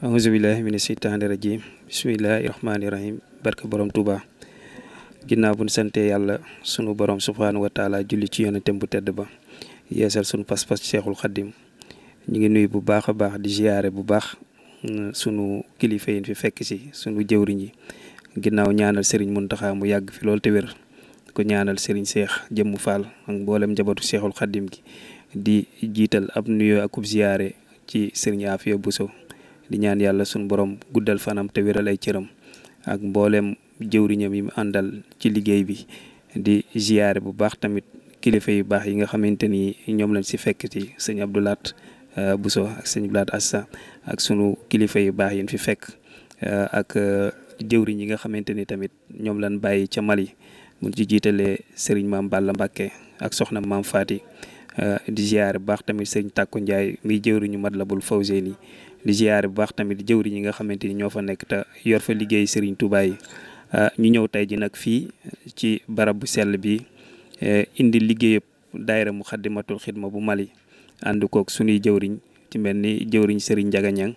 ahousubillahi mina seytaani rajim bismillahi rahmaani rahim barke borom Touba ginnaaw bu ñu sante yàlla sunu borom subhaanahu wa taala julli ci yonentem bu tedd ba yeesal sunu pas-pas cheikhul xaddim ñu ngi nuyu bu baax a baax di ziyaare bu baax mm, sunu kilifa yi fi fekk si sunu jëwriñ yi ginnaaw ñaanal sëriñ Muntaxa mu yàgg fi loolu te wer ko ñaanal sëriñ Seex Jëmm Faal ak mboolem njabootu cheikhul xaddim gi di jiital ab nuyoo akub ziyaare ci sëriñ Afia Bousso di ñaan yàlla suñu borom guddal fanam te wéral ay cëram ak mbooleem jëwriñam yi mu àndal ci liggéey bi di ziyaare bu baax tamit kilifa yu baax yi nga xamante ni ñoom lañ si fekk ci sëñ Abdou Lahat euh, Bousso ak sëñ Abdou Lahat ak sunu kilifa yu baax yi fi fekk euh, ak euh, jëwriñ yi nga xamante ni tamit ñoom lañ bàyyi ca Mali mu ci jiitalee sëriñ maam Balla Mbàkke ak soxna maam Faati di ziyaare bu baax tamit sëñ Tàkku Njaay miy jëwriñu Matlabul Fawzeyni di bu baax tamit jëwriñ yi nga xamante ni ñoo fa nekk te yor fa liggéey Serigne Touba yi ah, ñu ñëw tey ji nag fii ci barab bu sell bi eh, indi liggéeyub daayira mu xaddimatul xidma bu Mali ànd kook suñuy jëwriñ ci mel ni jëwriñ Serigne Ndiaga Niang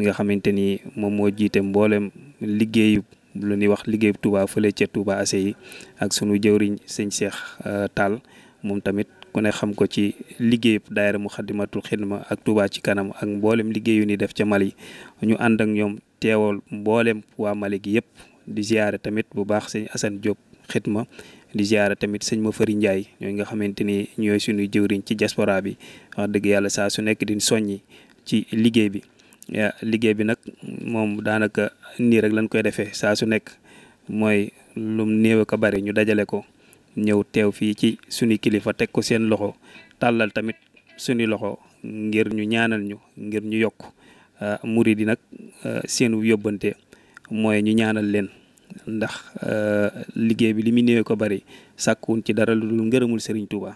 nga xamante ni moom moo jiite mboolem liggéeyub lu ñuy wax liggéeyub Touba fële ca Touba Assey yi ak sunu jëwriñ sëñ Cheikh ah, Tall moom tamit ku ne xam ko ci liggéey liggéeyub daayira Muxaddamatul Xidma ak Touba ci kanam ak mboolem liggéey yu ni def ca Mali ñu ànd ak ñoom teewal mboolem waa Mali gi yëpp di ziare tamit bu baax sëñ Assane Diop Xidma di ziare tamit sëñ Mafari Ndiaye ñooy nga xamante ni ñooy suñuy jëwriñ ci diaspora bi wax dëgg yàlla saa su nekk di soññi ci liggéey bi liggéey bi nag moom daanaka nii rek lañ koy defee saa su nekk mooy lum néew ko bari ñu dajale ko. ñëw teew fii ci suñu kilifa teg ko seen loxo tàllal tamit suñu loxo ngir ñu ñaanal ñu ngir ñu yokk uh, muri yi nag uh, seenu yóbbante mooy ñu ñaanal leen ndax uh, liggéey bi li mu néew ko bari sàkkuwun ci dara lu dul ngërëmul sëriñ Touba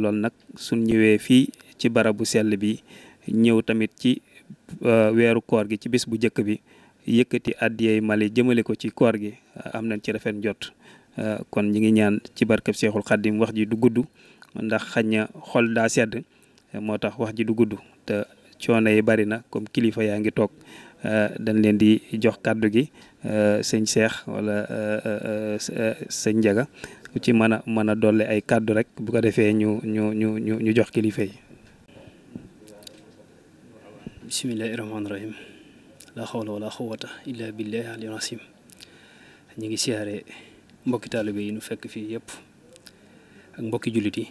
loolu nag suñ ñëwee fii ci barabu sell bi ñëw tamit ci weeru koor gi ci bis bu njëkk bi yëkkati àddiyay Mali jëmale ko ci koor gi am nañ ci rafet njot Euh, kon ñi ngi ñaan ci barkeb Seexul Xaddim wax ji du gudd ndax xaj na xol daa sedd moo tax wax ji du gudd te coono yi bari na comme kilifa yaa ngi toog euh, dañ leen di jox kàddu gi euh, sëñ seex wala sëñ Njaga ci mën a mën a dolli ay kàddu rek bu ko defee ñu ñu ñu ñu jox kilifa yi bismillahi rahmaani rahim la xawla wala xawata illa billahi aliyyil azim ñi ngi siyaare mbokki taalibe yi nu fekk fii yëpp ak mbokki jullit yi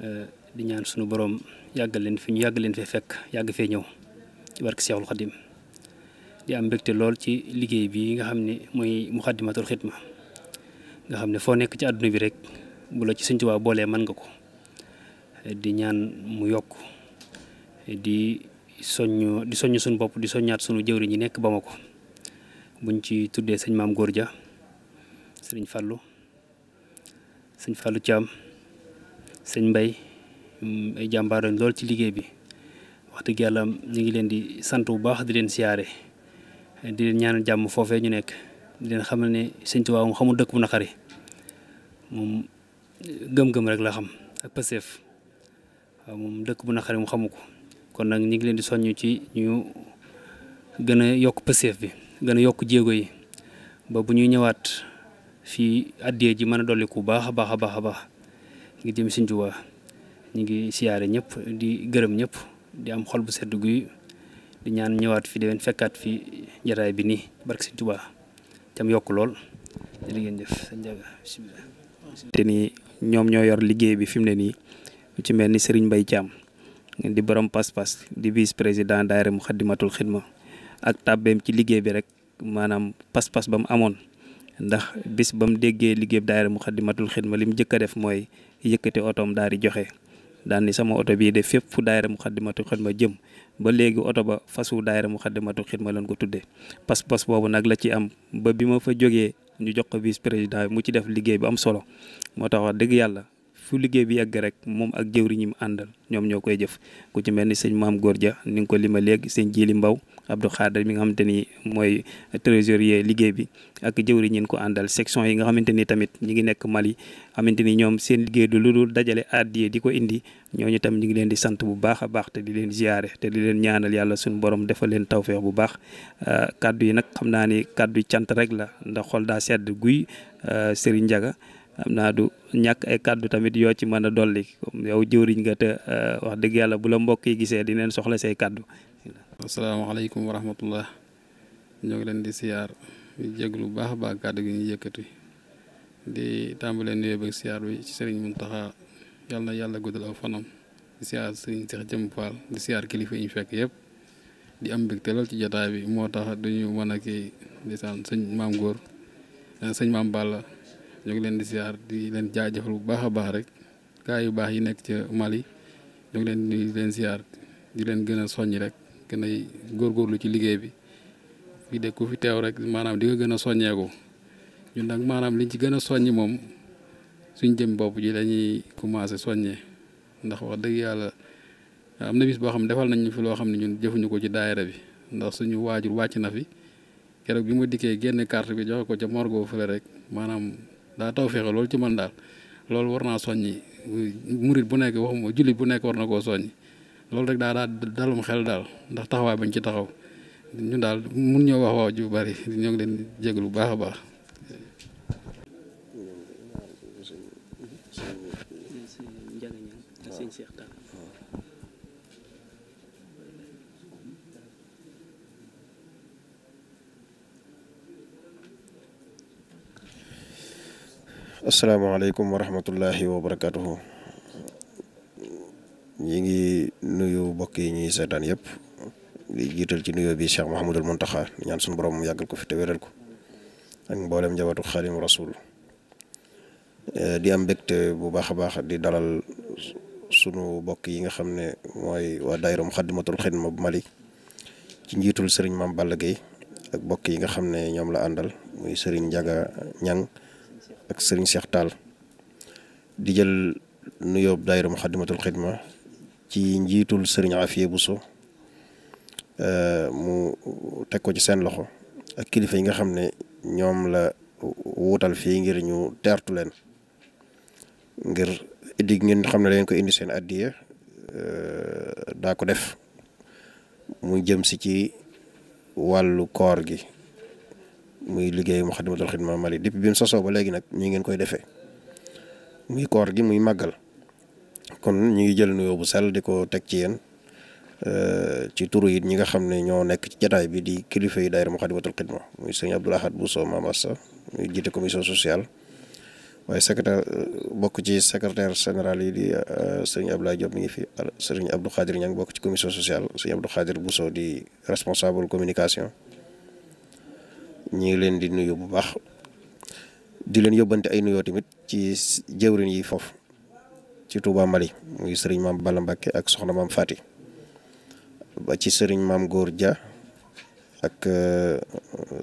eh, di ñaan sunu boroom yàggal leen fi ñu yàgg leen fee fekk yàgg fee ñëw ci barke Seexul Xadim di am mbégte lool ci liggéey bi nga xam ne mooy Muxaddamatul Xidma nga xam ne foo nekk ci àdduna bi rek bu la ci Sëñ Tuubaa boolee mën nga ko di ñaan mu yokk di soññ di soññ suñu bopp di soññaat suñu jëwriñ ñi nekk ba ma ko buñ ci tuddee sëñ maam Góor Ja sëriñ Fallou sëñ Fallou Thiam sëñ mbay ay jàmbaar lañ lool ci liggéey bi wax dëgg yàlla ñu ngi leen di sant bu baax di leen siyaare di leen ñaanal jàmm foofee ñu nekk di leen xam ne sëñ Tuubaa mu xamul dëkk bu naqari moom gëm rek la xam moom dëkk bu naqari mu xamu ko kon nag ñu ngi leen di soññu ci ñu gën a yokk Pastef bi gën yokk jéego yi ba bu ñuy ñëwaat. fii addee ji mën a dolli ku baax a baax a baax a baax ngi jëm Sëñ Tuubaa ñu ngi siyaare ñëpp di gërëm ñëpp di am xol bu sedd guy di ñaan ñëwaat fi déwén fekkaat fi jataay bi nii barke Sëñ Tuubaa tam yokk lool jërë ngeen jëf sëñ Jaga te ni ñoom ñoo yor liggéey bi fi mu ne nii ci mel ni Serigne Mbaye Thiam di borom pas-pas di vice président daayira Muxaddamatul Xidma ak tàbbeem ci liggéey bi rek maanaam pas-pas ba mu amoon ndax bis ba mu déggee liggéey daayira Muxaddamatul Xidma li mu njëkk a def mooy yëkkate otoom daal di joxe daan ni sama oto bii de fépp fu mu daayira Muxaddamatul Xidma jëm ba léegi oto ba fasu daayira Muxaddamatul Xidma lañ ko tuddee pas-pas boobu nag la ci am ba bi ma fa jógee ñu jox ko vice président mu ci def liggéey bu am solo moo tax wax dëgg yàlla fu liggéey bi yàgg rek moom ak jëwriñ mu àndal ñoom ñoo koy jëf ku ci mel ni sëñ maam góor ja ni nga ko lima léegi seen jiili Mbaw Abdou Khader mi nga xamante ni mooy trésorier liggéey bi ak jëwriñ ñin ko àndal section yi nga xamante ni tamit ñu ngi nekk Mali xamante ni ñoom seen liggéey du lu dul dajale addiye di ko indi ñooñu tam ñu ngi leen di sant bu baax a baax te di leen ziyaare te di leen ñaanal yàlla suñu borom defal leen tawfeex bu baax kàddu yi nag xam naa ni kàddu cant rek la ndax xol daa sedd guy Serigne Ndiaga am naa du ñàkk ay kàddu tamit yoo ci man a dolli comme yow jëwriñ nga te euh, wax dëgg yàlla bu la mbokk yi gisee di leen soxla say kàddu. asalaamaaleykum wa rahmatullah ñoo ngi leen di siyaar di jéglu baax a baax kàddu gi ñu yëkkati di tàmbalee nuyoo beeg siyaar bi ci sëriñ Muntaxa yàlla na yàlla guddal Seex Jëm Faal di siyaar kilifa yi ñu fekk yëpp di am mbégte ci jotaay bi moo tax duñu mën a kii di sant sëñ maam góor sëñ maam Balla. ñoo ngi leen di siyaar di leen jaajëfal bu baax a baax rek gaa yu baax yi nekk ca Mali ñu ngi leen di leen siyaar di leen gën a soññ rek gën a góorgóorlu ci liggéey bi fii de ku fi teew rek maanaam di nga gën a soññeeku ñun nag maanaam liñ ci gën a soññ moom suñ jëm bopp ji lañuy commencé soññee ndax wax dëgg yàlla am na bis boo xam ne defal nañ ñu fi loo xam ne ñun jëfuñu ko ci daayare bi ndax suñu waajur wàcc na fi keroog bi ma dikkee génn carte bi joxe ko ca morgo fële rek maanaam daa taw fexe loolu ci man daal loolu war naa soññi murit bu nekk waxuma jullit bu nekk war na koo soññi loolu rek daa daa dalum xel daal ndax taxawaay ñu ci taxaw ñun daal mun ñoo wax waaw ju bari ñoo ngi leen jégalu bu baax a baax asalaamaaleykum wa rahmatullahi wa ñi ngi nuyu mbokk yi ñuy seetaan yëpp di jiital ci nuyoo bi Cheikh Mouhamadul Mountakha ñaan suñu borom mu yàggal ko fi te wéral ko ak mboolem njabootu Xaadimu Rasuul eh, di am mbégte bu baax a baax di dalal sunu mbokk yi nga xam ne waa daayira Xidma bu Mali ci njiitul sëriñ Maam Balla Gueye ak mbokk yi nga xam ne ñoom la àndal muy sëriñ Njaga ñan ak sëriñ Cheikh Tall di jël nuyoo daayira Muxaddamatul Xidma ci njiitul sëriñ Afiye Buso euh, mu teg ko ci seen loxo ak kilifa yi nga xam ne ñoom la wuutal fii ngir ñu teertu leen ngir indi ngeen xam ne leen ko indi seen addiya euh, daa ko def mu jëm si ci wàllu koor gi muy liggéey Moukhaddamatoul Khidma Mali depuis bi mu sosoo ba léegi nag ñu ngeen koy defee muy koor gi muy màggal kon ñu ngi jël nu bu sell di ko teg ci yéen euh, ci turu it ñi nga xam ne ñoo nekk ci jataay bi di kilifa yi daayira Moukhaddamatoul Khidma muy sëñ Abdoul Ahad Bousso Mamassa muy jiite commission sociale waaye secrétaire euh, bokk ci secrétaire général yi di euh, sëñ Abdoulaye Diop mi ngi fi sëñ Abdou Khadir Niang bokk ci commission sociale sëñ Abdou bu Bousso di responsable communication ñu ngi leen di nuyu bu baax di leen yóbbante ay nuyoo tamit ci jëwrin yi foofu ci Touba Mali muy sëriñ maam bala Mbàkke ak soxna maam Faati ba ci sëriñ maam Góor Dia ak euh,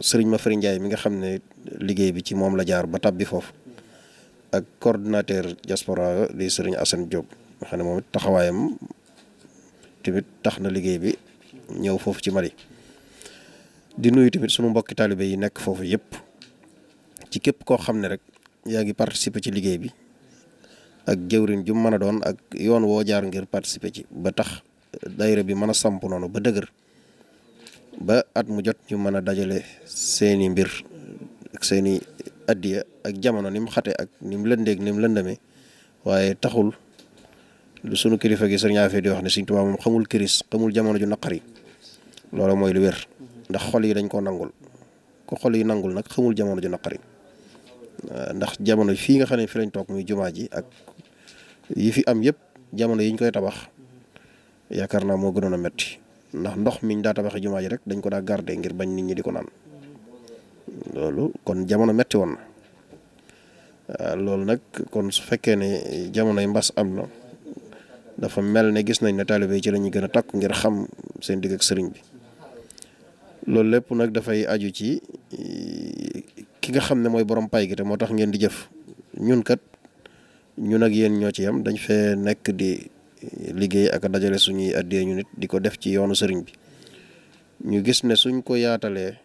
sëriñ ma Fari mi nga xam ne liggéey bi ci moom la jaar ba tàbbi foofu ak coordinateur diaspora di sëriñ Assane Diop nga xam moom taxawaayam tamit tax na liggéey bi ñëw foofu ci Mali. di nuyu tamit sunu mbokki taalibe yi nekk foofu yëpp ci képp koo xam ne rek yaa ngi participer ci liggéey bi ak jëwrin ju mën a doon ak yoon woo jaar ngir participer ci ba tax daayira bi mën a samp noonu ba dëgër ba at mu jot ñu mën a dajale seeni mbir ak seeni addiya ak jamono ni mu xate ak ni mu lëndeeg ni mu lëndamee waaye taxul lu sunu kilifa gi sëriñ Afee di wax ne Sëriñ Tuubaa moom xamul kiris xamul jamono ju naqari loolu mooy lu wér ndax xol yi dañ koo nangul ko xol yi nangul nag xamul jamono ji naqari ndax jamono fii nga xam ne fii lañ toog muy jumaa ji ak yi fi am yëpp jamono yiñ koy tabax yaakaar naa moo gënoon a metti ndax ndox miñ daa tabaxee jumaa ji rek dañ ko daa garde ngir bañ nit ñi di ko naan loolu kon jamono metti woon na loolu nag kon su fekkee ne jamonoy mbas am na dafa mel ne gis nañ ne taalibe yi ci la gën a takk ngir xam seen digg ak sëriñ bi loolu lépp nag dafay aju ci eh, ki nga xam ne mooy borom pay gi te moo tax ngeen di jëf ñun kat ñun ak yéen ñoo ci yam dañ fee nekk di eh, liggéey ak dajale suñuy addee ñu nit di ko def ci yoonu sëriñ bi ñu gis ne suñ ko yaatalee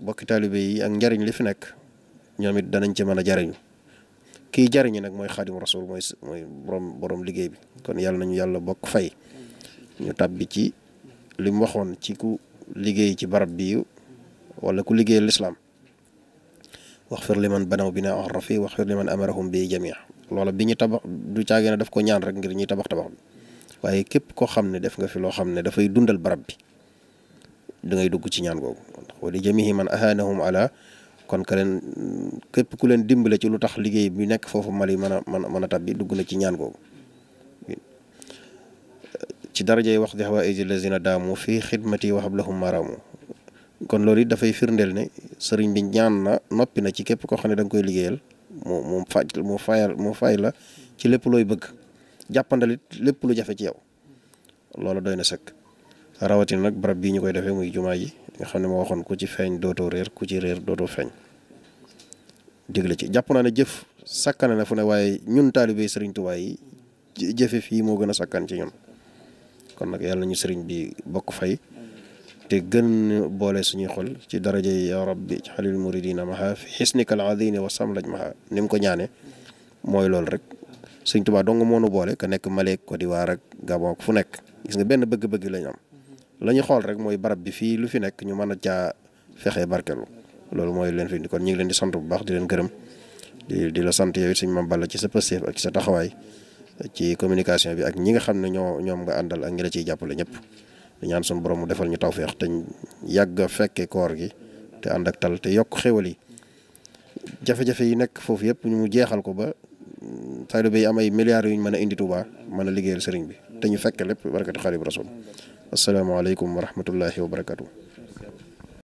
bokki taalibe yi ak njariñ li fi nekk ñoom it danañ ci mën a jariñu kiy jariñu nag mooy xaadimu rasul mooy mooy liggéey bi kon yàlla nañu yàlla bokk fay ñu tàbbi ci li waxoon ci ku liggéey ci barab bi wala ku liggéey lislaam waxfir li man banaw bina fi wax li man amarahum bi jamia loola bi ñu tabax du caagee ne ko ñaan rek ngir ñuy tabax tabax bi waaye képp koo xam ne def nga fi loo xam ne dafay dundal barab bi dangay dugg ci ñaan googu wa li jamihi man ahanahum ala kon ka leen képp ku leen dimbale ci lu tax liggéey bi nekk foofu Mali mën a mën a mën a tabbi dugg na ci ñaan googu ci darajey wax di xawaaiji lazina daamu fii xidmati wa hablahum maraamu kon loolu it dafay firndeel ne sëriñ bi ñaan na noppi na ci képp koo xam ne da koy liggéeyal mu mu fa fayal mu fay la ci lépp looy bëgg jàppandalit lépp lu jafe ci yow loolu doy na sëkk rawatin nag barab bii ñu koy defee muy jumaa ji nga xam ne moo waxoon ku ci feeñ dootoo réer ku ci réer dootoo feeñ digle ci jàpp naa ne jëf sakkane na fu ne waaye ñun taalibe sëriñ Tuubaa yi jëfe fii moo gën a sakkan ci ñun kon nag yàlla ñu sëriñ bi bokk fay te gën boole suñuy xol ci daraja yi ya rabbi ci xalil muridina maha fi xisnikal adini wa samlaj maha ni mu ko ñaane mooy loolu rek sëriñ Tuubaa dong moonu boole ka nekk Maleek Côte d'Ivoire ak Gabon fu nekk gis nga benn bëgg-bëgg lañ am la ñu xool rek mooy barab bi fii lu fi nekk ñu mën a caa fexe barkelu loolu mooy leen fi indi kon ñu ngi leen di sant bu baax di leen gërëm di la sant yow it suñ Mame Balla ci sa pësteef ak sa taxawaay ci communication bi ak ñi nga xam ne ñoo ñoom nga àndal ak ñi la ciy jàppale ñëpp ñaan suñu borom mu defal ñu tawféex te yàgg a fekke koor gi te ànd ak tal te yokk xewal yi jafe-jafe yi nekk foofu yëpp ñu mu jeexal ko ba mm, taalibe yi am ay milliards yuñ mën a indi Tuubaa mën a liggéeyal sëriñ bi te ñu fekk lépp barakati xaalib rasul asalaamaaleykum wa rahmatullahi wa barakatu